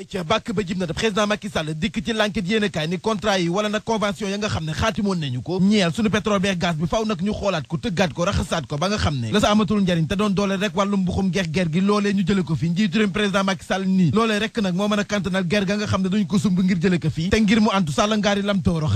ay ca bàkk ba jib na te président Macky dikk ci l'enquête yéen a ni contrat yi wala nag convention ya nga xam ne xaatimoon nañu ko ñeel beex gaz bi faw nag ñu xoolaat ko tëggaat ko raxasaat ko ba nga xam ne la sa amatul njariñ te doon doole rek wàllum buxum geex ger gi loolee ñu jële ko fi njiitu président Macky Sall nii loolee nag moo mën a kantanal ger ga nga xam ne duñu ko sumb ngir jële ko fii te ngir mu antu sàlla ngaari lam tooro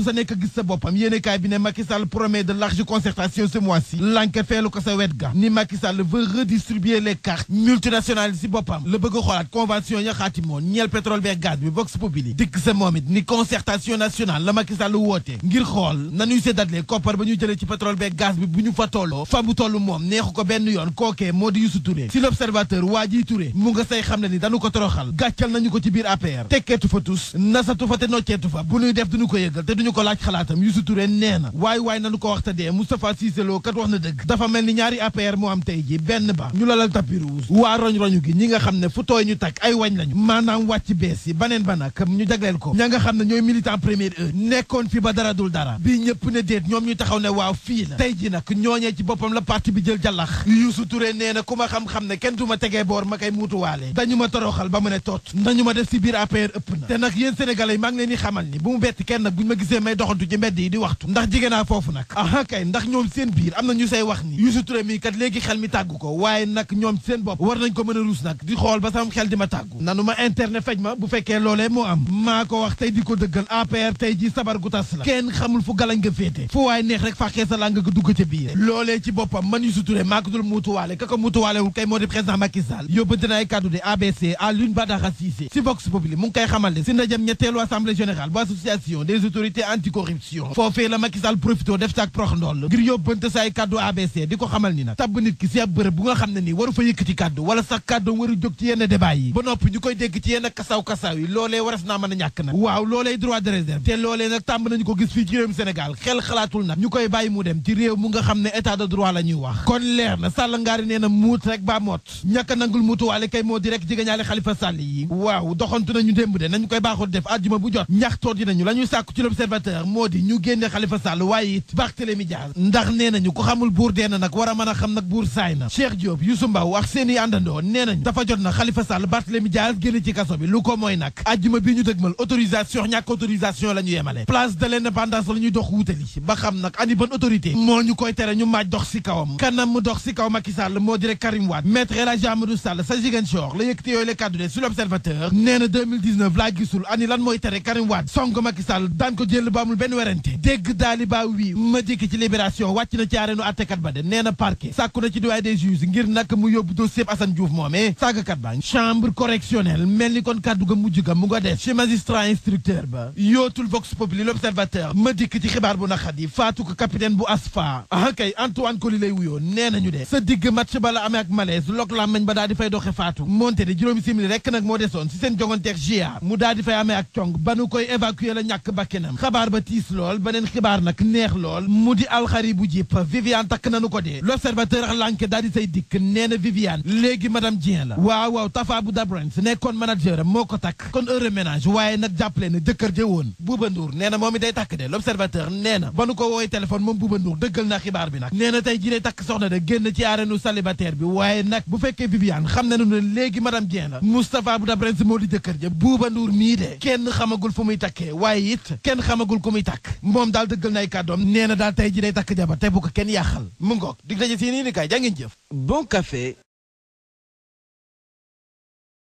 bu sa nekk gis sa yene kay bi ne Macky Sall promet de large concertation ce mois-ci l'enquête fait ko sa wet ni Macky Sall veut redistribuer les cartes multinationales si boppam la bëgg a convention ya xaatimoon ñeel pétrole beeg gaz bi vox populi dikk ce momit ni concertation nationale la Macky Sall woté ngir xol nanuy seddatlee koppar ba bañu jëlé ci pétrole beeg gaz bi buñu fa tolloo fa bu tollu mom neexu ko benn yoon kookee moo di Touré si l'observateur waa Touré mu nga say xamné ni dañu ko toroxal gatchal nañu ko ci biir APR tekkeetu fa tous nasatu fa te nocceetu fa buñu def duñu ko yëgal té duñu ñu ko laaj xalaatam Youssou Touré nee na waay waay nanu ko wax te dee Moustapha Cissé Lo na dëgg dafa mel ni ñaari APR moo am tey ji wàcc bees yi baneen ba nag ñu jagleel ko ña nga xam ne ñooy militant première heure nekkoon fi ba dara dul dara bi ñëpp ne déet ñoom ñu taxaw ne waaw fii la tey ji nag ñooñee ci boppam la parti bi jël jàllax Youssou Touré nee na ku ma xam-xam ne kenn du ma tegee boor ma koy muutuwaale dañu ma toroxal ba mu ne toot nañu ma def si biir APR ëpp na te nag yéen sénégalais yi maa ngi leen xamal ni bu mu bett kenn ma gisee may doxantu ci mbedd yi di waxtu ndax jige naa foofu nag aha kay ndax ñoom seen biir am na ñu say wax ni Youssou Touré mi kat léegi xel mi tàggu ko waaye nag ñoom seen bopp war nañ ko mën a ruus nag di xool ba sam xel di ma tàggu nanu ma internet fej ma bu fekkee loolee moo am maa ko wax tey di ko dëggal APR tey ji sabar gu tas la kenn xamul fu galañ nga féete fu waaye neex rek fàqee sa làng nga dugg ca biir loolee ci boppam man Youssou Touré maa ko dul muutuwaale ka ko muutuwaalewul kay moo di président Macky Sall yóbbante na ay kàddu de ABC à Alioune Badara Cissé si Vox Populi mu ngi koy xamal ne si ndajam ñetteelu assemblée générale bu association des autorités comité anticorruption foofee la Macky Sall profité def saak prox ndoll ngir yóbbante saay kàddu ABC di ko xamal ni nag tabb nit ki si ab bërëb bu nga xam ne ni waru fa yëkkati kàddu wala sax kàddu waru jóg ci yenn débat yi ba noppi ñu koy dégg ci yenn kasaw-kasaw yi loolee waras naa mën a ñàkk nag waaw loolee droit de réserve te loolee nag tàmb nañu ko gis fii ci réewum xel xalaatul nag ñu koy bàyyi mu dem ci réew mu nga xam ne état de droit la wax kon Modi moo di ñu génne Khalifa Sall waye it Barthélémy ndax nénañu ko xamul buur dee na nag xam nak bour Cheikh Diop Youssou Mbaw ak dafa Khalifa Sall ci bi lu autorisation ñak autorisation la yémalé place de l'indépendance la dox wutali ba xam ani ban autorité mo ñu koy tere ñu maaj dox ci kawam kanam mu dox ci kaw Macky Sall Karim maître El Hadji Amadou Sall sa la sur l'observateur néna 2019 la gisul ani lan moy téré Karim Wade song Macky jël ba amul benn werante dégg daaliba wi ma dikk ci libération wàcc na ci areenu attekat ba de nee na parquet sàkku na ci doyen des juges ngir nak mu yóbbu dossier Assane Diouf moomee sàggkat ba chambre correctionnelle mel ni kon kàddu ga mujj ga mu nga def chez magistrat instructeur ba yootul vox populi l'observateur ma dikk ci xibaar bu naxat yi faatu ko capitaine bu asfa ah kay Antoine Coly lay wuyoo nee nañu de sa digg match bala amee ak malaise lok meñ ba daal di fay doxe faatu moonte de juróomi simili rekk nag moo desoon si seen jongonteeg gia mu daal di fay amee ak cong ba nu koy évacuer la ñàkk bakkenam xabaar ba tiis lool beneen xibaar nag neex lool mu di alxari bu jip vivian takk nanu ko dee l'observateur ak lanke daal di say dikk nee na Viviane léegi madame Dieng la waaw waaw Tafa bu Dabrans nekkoon manager moo ko takk kon heure ménage waaye nag jàppale ne jëkkër ja woon Bouba Ndour nee na moom it day takk de l'observateur nee na ba nu ko woowee téléphone moom Bouba Ndour dëggal na xibaar bi nag nee na tey ji day takk soxna de génn ci arénu célibataire bi waaye nag bu fekkee Viviane xam nañu ne léegi madame Dieng la Moustapha bu Dabrans moo di jëkkër ja Bouba mii de kenn xamagul fu muy takkee waaye it kenn xam amagul ku muy tàkk moom daal dëggal na ay kàddoom nee na daal tey ji day takk jabar te bu ko kenn yàqal mu ngoog dig daje fii nii ni kaay jaa bon café